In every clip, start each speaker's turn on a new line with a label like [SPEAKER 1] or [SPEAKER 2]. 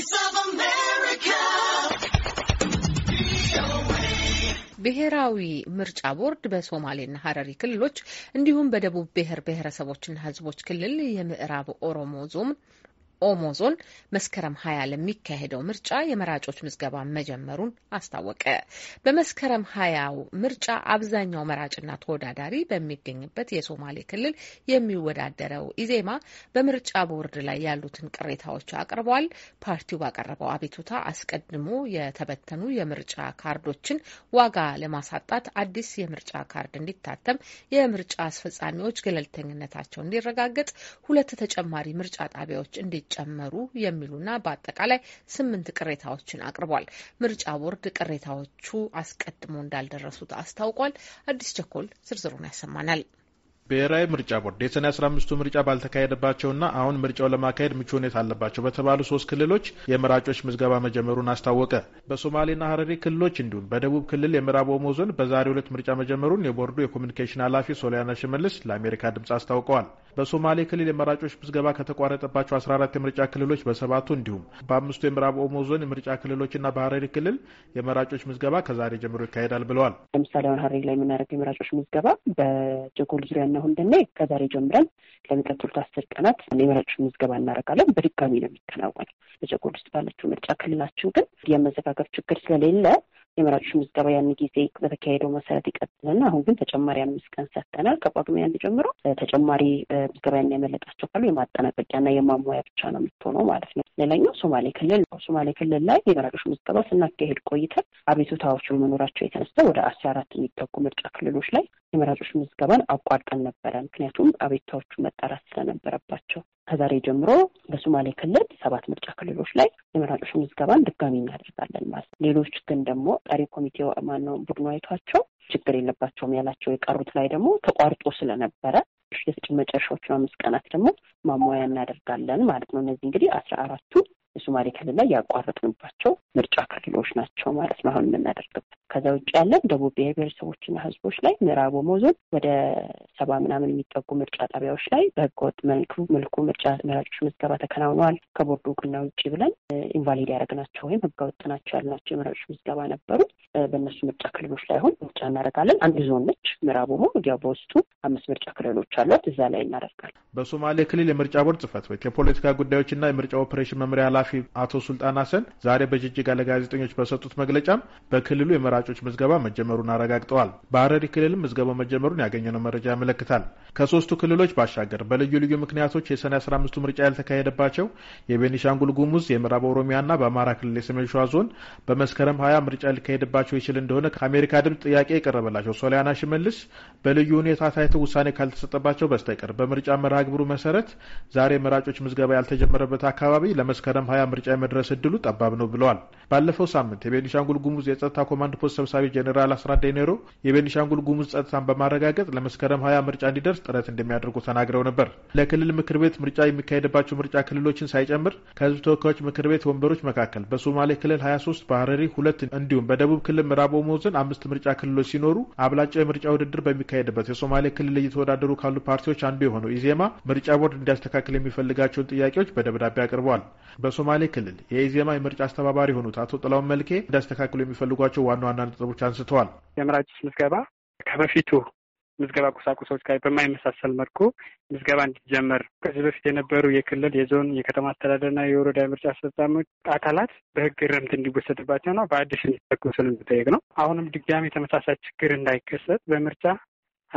[SPEAKER 1] Voice of America. ብሔራዊ ምርጫ ቦርድ በሶማሌና ሀረሪ ክልሎች እንዲሁም በደቡብ ብሔር ብሔረሰቦችና ሕዝቦች ክልል የምዕራብ ኦሮሞ ዞን ኦሞ ዞን መስከረም ሀያ ለሚካሄደው ምርጫ የመራጮች ምዝገባ መጀመሩን አስታወቀ። በመስከረም ሀያው ምርጫ አብዛኛው መራጭና ተወዳዳሪ በሚገኝበት የሶማሌ ክልል የሚወዳደረው ኢዜማ በምርጫ ቦርድ ላይ ያሉትን ቅሬታዎች አቅርቧል። ፓርቲው ባቀረበው አቤቱታ አስቀድሞ የተበተኑ የምርጫ ካርዶችን ዋጋ ለማሳጣት አዲስ የምርጫ ካርድ እንዲታተም፣ የምርጫ አስፈጻሚዎች ገለልተኝነታቸው እንዲረጋገጥ፣ ሁለት ተጨማሪ ምርጫ ጣቢያዎች እንዲ ይጨመሩ የሚሉና በአጠቃላይ ስምንት ቅሬታዎችን አቅርቧል። ምርጫ ቦርድ ቅሬታዎቹ አስቀድሞ እንዳልደረሱት አስታውቋል። አዲስ ቸኮል ዝርዝሩን ያሰማናል።
[SPEAKER 2] ብሔራዊ ምርጫ ቦርድ የሰኔ 1አምስቱ ምርጫ ባልተካሄደባቸውና አሁን ምርጫው ለማካሄድ ምቹ ሁኔታ አለባቸው በተባሉ ሶስት ክልሎች የመራጮች ምዝገባ መጀመሩን አስታወቀ። በሶማሌና ሀረሪ ክልሎች እንዲሁም በደቡብ ክልል የምዕራብ ኦሞ ዞን በዛሬው ዕለት ምርጫ መጀመሩን የቦርዱ የኮሚኒኬሽን ኃላፊ ሶሊያና ሽመልስ ለአሜሪካ ድምፅ አስታውቀዋል። በሶማሌ ክልል የመራጮች ምዝገባ ከተቋረጠባቸው 14 የምርጫ ክልሎች በሰባቱ እንዲሁም በአምስቱ የምዕራብ ኦሞ ዞን የምርጫ ክልሎችና በሀረሪ ክልል የመራጮች ምዝገባ ከዛሬ ጀምሮ ይካሄዳል ብለዋል።
[SPEAKER 3] ለምሳሌ አሁን ሀረሪ ላይ የምናደርገው የመራጮች ምዝገባ በጀጎል ዙሪያና አሁን ልናይ ከዛሬ ጀምረን ለሚቀጥሉት አስር ቀናት የመራጮች ምዝገባ እናደርጋለን። በድጋሚ ነው የሚከናወነ። በጀጎል ውስጥ ባለችው ምርጫ ክልላችን ግን የመዘጋገብ ችግር ስለሌለ የመራጮች ምዝገባ ያን ጊዜ በተካሄደው መሰረት ይቀጥልና አሁን ግን ተጨማሪ አምስት ቀን ሰጥተናል። ከጳጉሜ አንድ ጀምሮ ተጨማሪ ምዝገባ ያን ያመለጣቸው ካሉ የማጠናቀቂያና የማሟያ ብቻ ነው የምትሆነው ማለት ነው። ሌላኛው ሶማሌ ክልል ነው። ሶማሌ ክልል ላይ የመራጮች ምዝገባ ስናካሄድ ቆይተን አቤቱታዎች በመኖራቸው የተነሳ ወደ አስራ አራት የሚጠጉ ምርጫ ክልሎች ላይ የመራጮች ምዝገባን አቋርጠን ነበረ። ምክንያቱም አቤቱታዎቹ መጣራት ስለነበረባቸው ከዛሬ ጀምሮ በሶማሌ ክልል ሰባት ምርጫ ክልሎች ላይ የመራጮች ምዝገባን ድጋሚ እናደርጋለን ማለት ነው። ሌሎች ግን ደግሞ ጠሪ ኮሚቴው ማነው ቡድኑ አይቷቸው ችግር የለባቸውም ያላቸው የቀሩት ላይ ደግሞ ተቋርጦ ስለነበረ የመጨረሻዎቹን አምስት ቀናት ደግሞ ማሟያ እናደርጋለን ማለት ነው። እነዚህ እንግዲህ አስራ አራቱ የሶማሌ ክልል ላይ ያቋረጥንባቸው ምርጫ ክልሎች ናቸው ማለት ነው አሁን የምናደርግበት። ከዛ ውጭ ያለን ደቡብ ብሔር ብሔረሰቦችና ህዝቦች ላይ ምዕራብ ኦሞ ዞን ወደ ሰባ ምናምን የሚጠጉ ምርጫ ጣቢያዎች ላይ በህገወጥ መልኩ መልኩ ምርጫ መራጮች ምዝገባ ተከናውነዋል ከቦርዱ እውቅና ውጭ ብለን ኢንቫሊድ ያደረግናቸው ወይም ህገወጥ ናቸው ያልናቸው የመራጮች ምዝገባ ነበሩ። በእነሱ ምርጫ ክልሎች ላይ አሁን ምርጫ እናደርጋለን። አንድ ዞን ነች ምዕራብ ኦሞ፣ እዲያው በውስጡ አምስት ምርጫ ክልሎች አሏት። እዛ ላይ እናደርጋለን።
[SPEAKER 2] በሶማሌ ክልል የምርጫ ቦርድ ጽህፈት ቤት የፖለቲካ ጉዳዮችና የምርጫ ኦፕሬሽን መምሪያ ኃላፊ አቶ ሱልጣን አሰን ዛሬ በጅጅጋ ለጋዜጠኞች በሰጡት መግለጫም በክልሉ የመራጮች ምዝገባ መጀመሩን አረጋግጠዋል። በሀረሪ ክልልም ምዝገባው መጀመሩን ያገኘነው መረጃ ያመለክታል። ከሶስቱ ክልሎች ባሻገር በልዩ ልዩ ምክንያቶች የሰኔ 15 ምርጫ ያልተካሄደባቸው የቤኒሻንጉል ጉሙዝ፣ የምዕራብ ኦሮሚያና በአማራ ክልል የሰሜን ሸዋ ዞን በመስከረም ሀያ ምርጫ ሊካሄድባቸው ይችል እንደሆነ ከአሜሪካ ድምፅ ጥያቄ የቀረበላቸው ሶሊያና ሽመልስ በልዩ ሁኔታ ታይቶ ውሳኔ ካልተሰጠባቸው በስተቀር በምርጫ መርሃ ግብሩ መሰረት ዛሬ መራጮች ምዝገባ ያልተጀመረበት አካባቢ ለመስከረም ሀያ ምርጫ የመድረስ እድሉ ጠባብ ነው ብለዋል። ባለፈው ሳምንት የቤኒሻንጉል ጉሙዝ የጸጥታ ኮማንድ ፖስት ሰብሳቢ ጀኔራል አስራት ዴኔሮ የቤኒሻንጉል ጉሙዝ ጸጥታን በማረጋገጥ ለመስከረም ሀያ ምርጫ እንዲደርስ ጥረት እንደሚያደርጉ ተናግረው ነበር። ለክልል ምክር ቤት ምርጫ የሚካሄድባቸው ምርጫ ክልሎችን ሳይጨምር ከህዝብ ተወካዮች ምክር ቤት ወንበሮች መካከል በሶማሌ ክልል ሀያ ሶስት በሀረሪ ሁለት እንዲሁም በደቡብ ክልል ምዕራብ ኦሞ ዞን አምስት ምርጫ ክልሎች ሲኖሩ አብላጫው የምርጫ ውድድር በሚካሄድበት የሶማሌ ክልል እየተወዳደሩ ካሉ ፓርቲዎች አንዱ የሆነው ኢዜማ ምርጫ ቦርድ እንዲያስተካክል የሚፈልጋቸውን ጥያቄዎች በደብዳቤ አቅርበዋል። በሶማሌ ክልል የኢዜማ የምርጫ አስተባባሪ የሆኑት አቶ ጥላውን መልኬ እንዲያስተካክሉ የሚፈልጓቸው ዋና ዋና ነጥቦች አንስተዋል። የመራጮች ምዝገባ ከበፊቱ ምዝገባ ቁሳቁሶች ጋር በማይመሳሰል መልኩ ምዝገባ እንዲጀመር ከዚህ በፊት የነበሩ የክልል፣ የዞን፣ የከተማ አስተዳደርና የወረዳ የምርጫ አስፈጻሚዎች አካላት በሕግ እርምት ነው። በአዲስ እንዲተኩ ስለሚጠየቅ ነው። አሁንም ድጋሚ ተመሳሳይ ችግር እንዳይከሰት በምርጫ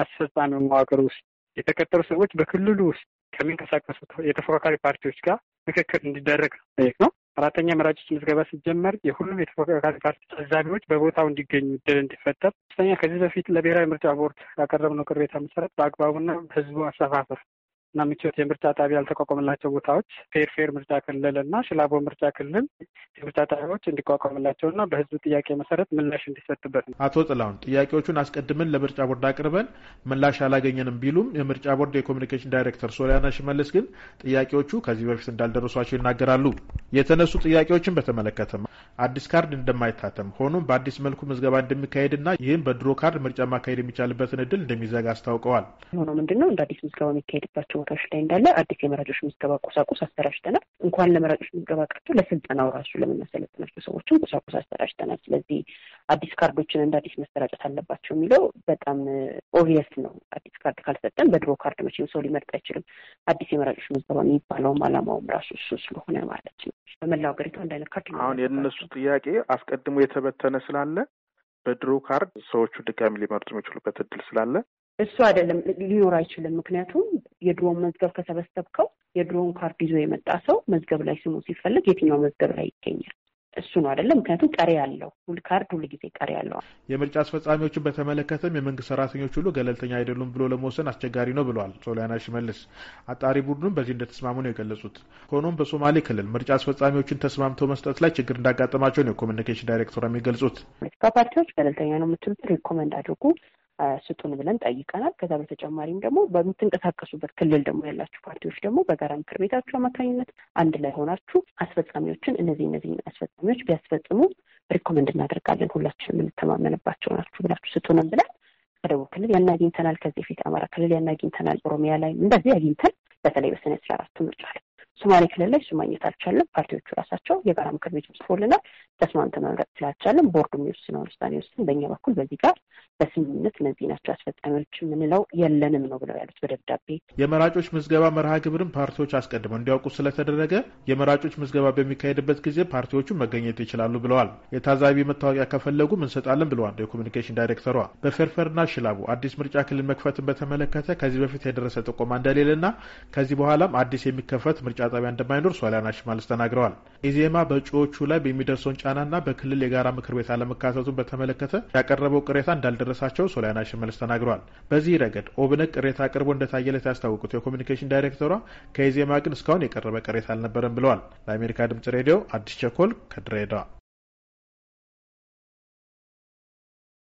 [SPEAKER 2] አስፈጻሚ መዋቅር ውስጥ የተቀጠሩ ሰዎች በክልሉ ውስጥ ከሚንቀሳቀሱ የተፎካካሪ ፓርቲዎች ጋር ምክክር እንዲደረግ ጠየቅ ነው። አራተኛ መራጮች ምዝገባ ሲጀመር የሁሉም የተፎካካሪ ፓርቲ ታዛቢዎች በቦታው እንዲገኙ እድል እንዲፈጠር። ሶስተኛ ከዚህ በፊት ለብሔራዊ ምርጫ ቦርድ ያቀረብነው ቅሬታ መሰረት በአግባቡና ህዝቡ አሰፋፈር እና ምቾት የምርጫ ጣቢያ ያልተቋቋመላቸው ቦታዎች ፌርፌር ምርጫ ክልል እና ሽላቦ ምርጫ ክልል የምርጫ ጣቢያዎች እንዲቋቋምላቸው እና በህዝብ ጥያቄ መሰረት ምላሽ እንዲሰጥበት ነው። አቶ ጥላሁን ጥያቄዎቹን አስቀድመን ለምርጫ ቦርድ አቅርበን ምላሽ አላገኘንም ቢሉም የምርጫ ቦርድ የኮሚኒኬሽን ዳይሬክተር ሶሊያና ሽመልስ ግን ጥያቄዎቹ ከዚህ በፊት እንዳልደረሷቸው ይናገራሉ። የተነሱ ጥያቄዎችን በተመለከተም አዲስ ካርድ እንደማይታተም ሆኖም በአዲስ መልኩ ምዝገባ እንደሚካሄድና ይህም በድሮ ካርድ ምርጫ ማካሄድ የሚቻልበትን እድል እንደሚዘጋ አስታውቀዋል።
[SPEAKER 3] ሆኖ ምንድነው እንደ አዲስ ምዝገባ የሚካሄድባቸው ቦታዎች ላይ እንዳለ አዲስ የመራጮች ምዝገባ ቁሳቁስ አሰራጭተናል። እንኳን ለመራጮች ምዝገባ ቀርቶ ለስልጠናው ራሱ ለምናሰለጥናቸው ሰዎችም ቁሳቁስ አሰራጭተናል። ስለዚህ አዲስ ካርዶችን እንደ አዲስ መሰራጨት አለባቸው የሚለው በጣም ኦቪየስ ነው። አዲስ ካርድ ካልሰጠን በድሮ ካርድ መቼም ሰው ሊመርጥ አይችልም። አዲስ የመራጮች ምዝገባ የሚባለውም አላማውም ራሱ እሱ ስለሆነ ማለት ነው። በመላው ሀገሪቱ አንድ አይነት ካርድ አሁን
[SPEAKER 2] የእነሱ ጥያቄ አስቀድሞ የተበተነ ስላለ በድሮ ካርድ ሰዎቹ ድጋሚ ሊመርጡ የሚችሉበት እድል ስላለ
[SPEAKER 3] እሱ አይደለም ሊኖር አይችልም። ምክንያቱም የድሮን መዝገብ ከሰበሰብከው የድሮን ካርድ ይዞ የመጣ ሰው መዝገብ ላይ ስሙ ሲፈለግ የትኛው መዝገብ ላይ ይገኛል? እሱ ነው አይደለም። ምክንያቱም ቀሪ ያለው ሁል ካርድ ሁል ጊዜ ቀሪ ያለው።
[SPEAKER 2] የምርጫ አስፈጻሚዎችን በተመለከተም የመንግስት ሰራተኞች ሁሉ ገለልተኛ አይደሉም ብሎ ለመወሰን አስቸጋሪ ነው ብሏል ሶሊያና ሽመልስ። አጣሪ ቡድኑም በዚህ እንደተስማሙ ነው የገለጹት። ሆኖም በሶማሌ ክልል ምርጫ አስፈጻሚዎችን ተስማምተው መስጠት ላይ ችግር እንዳጋጠማቸው ነው የኮሚኒኬሽን ዳይሬክተር የሚገልጹት።
[SPEAKER 3] ፖለቲካ ፓርቲዎች ገለልተኛ ነው የምትሉት ሪኮመንድ አድርጉ ስጡን ብለን ጠይቀናል። ከዛ በተጨማሪም ደግሞ በምትንቀሳቀሱበት ክልል ደግሞ ያላችሁ ፓርቲዎች ደግሞ በጋራ ምክር ቤታችሁ አማካኝነት አንድ ላይ ሆናችሁ አስፈጻሚዎችን እነዚህ እነዚህ አስፈጻሚዎች ቢያስፈጽሙ ሪኮመንድ እናደርጋለን ሁላችን የምንተማመንባቸው ናችሁ ብላችሁ ስጡንም ብለን ከደቡብ ክልል ያን አግኝተናል። ከዚህ ፊት አማራ ክልል ያን አግኝተናል። ኦሮሚያ ላይ እንደዚህ አግኝተን በተለይ በሰኔ አስራ አራቱ ምርጫ ሶማሌ ክልል ላይ እሱ ማግኘት አልቻለም። ፓርቲዎቹ ራሳቸው የጋራ ምክር ቤት ጽፎልናል። ተስማምተ መምረጥ ስላልቻለም ቦርዱ የሚወስነውን ውሳኔ ወስን በእኛ በኩል በዚህ ጋር በስምምነት እነዚህ ናቸው አስፈጻሚዎች የምንለው የለንም ነው ብለው ያሉት በደብዳቤ።
[SPEAKER 2] የመራጮች ምዝገባ መርሃ ግብርን ፓርቲዎች አስቀድመው እንዲያውቁ ስለተደረገ የመራጮች ምዝገባ በሚካሄድበት ጊዜ ፓርቲዎቹ መገኘት ይችላሉ ብለዋል። የታዛቢ መታወቂያ ከፈለጉ እንሰጣለን ብለዋል የኮሚኒኬሽን ዳይሬክተሯ። በፈርፈርና ሽላቡ አዲስ ምርጫ ክልል መክፈትን በተመለከተ ከዚህ በፊት የደረሰ ጥቆማ እንደሌለና ከዚህ በኋላም አዲስ የሚከፈት ምርጫ ማብቂያ ጣቢያ እንደማይኖር ሶሊያና ሽመልስ ተናግረዋል። ኢዜማ በእጩዎቹ ላይ በሚደርሰውን ጫናና በክልል የጋራ ምክር ቤት አለመካተቱን በተመለከተ ያቀረበው ቅሬታ እንዳልደረሳቸው ሶሊያና ሽመልስ ተናግረዋል። በዚህ ረገድ ኦብነግ ቅሬታ አቅርቦ እንደታየለት ያስታወቁት የኮሚኒኬሽን ዳይሬክተሯ ከኢዜማ ግን እስካሁን የቀረበ ቅሬታ አልነበረም ብለዋል። ለአሜሪካ ድምጽ ሬዲዮ አዲስ ቸኮል ከድሬዳዋ